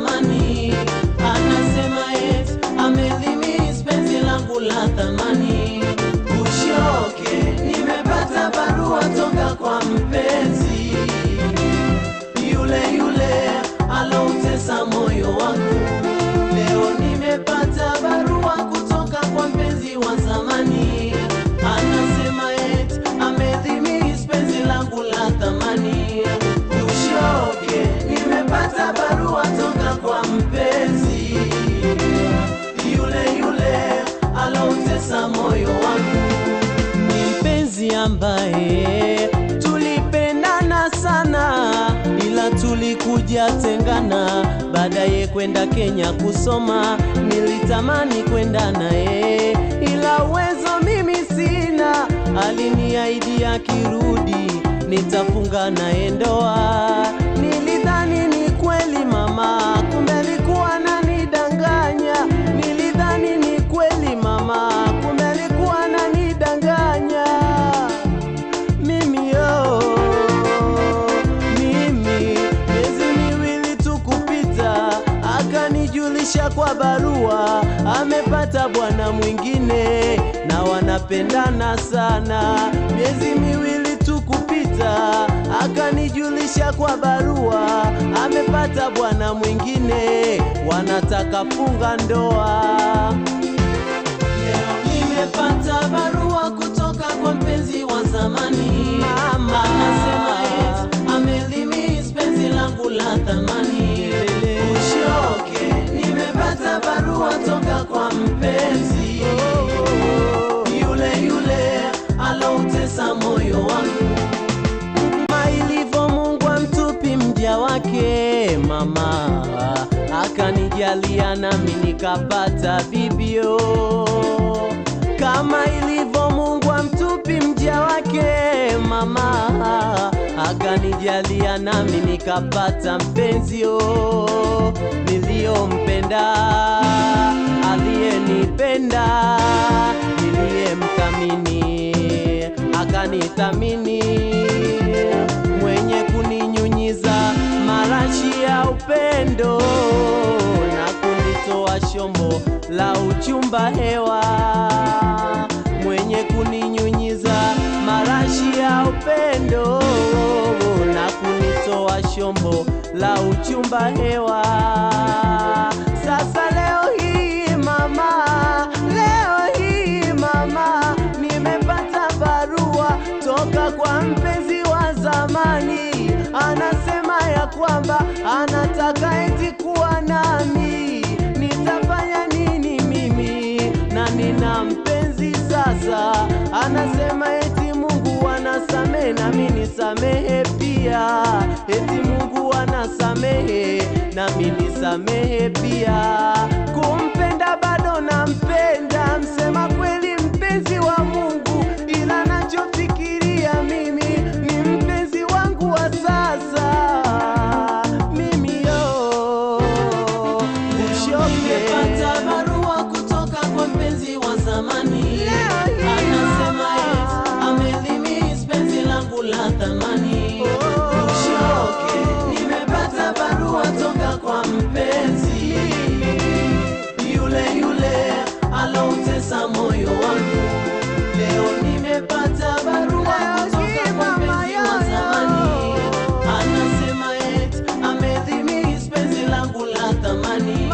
money. ambaye eh. tulipendana sana ila tulikuja tengana, baadaye kwenda Kenya kusoma. Nilitamani kwenda naye ila uwezo mimi sina, aliniahidi akirudi nitafunga naye ndoa. Nilidhani ni kweli mama barua amepata bwana mwingine na wanapendana sana. Miezi miwili tu kupita, akanijulisha kwa barua amepata bwana mwingine, wanataka funga ndoa. wake mama akanijalia nami nikapata vivyo kama ilivyo Mungu amtupi mja wake mama akanijalia nami nikapata mpenzio niliyompenda aliyenipenda niliyemthamini akanithamini mwenye kuninyunyiza marashi ya upendo na kunitoa shombo la uchumba hewa, mwenye kuninyunyiza marashi ya upendo na kunitoa shombo la uchumba hewa. nisamehe pia, eti Mungu anasamehe nami nisamehe pia. Kumpenda bado nampenda, msema kweli mpenzi wa Mungu, ila nachofikiria mimi ni mpenzi wangu wa sasa mimi yo oh, ushoke. Nimepata barua kutoka kwa mpenzi wa zamani yeah. nimepata barua kutoka kwa anasema eti amedhimi penzi langu la thamani.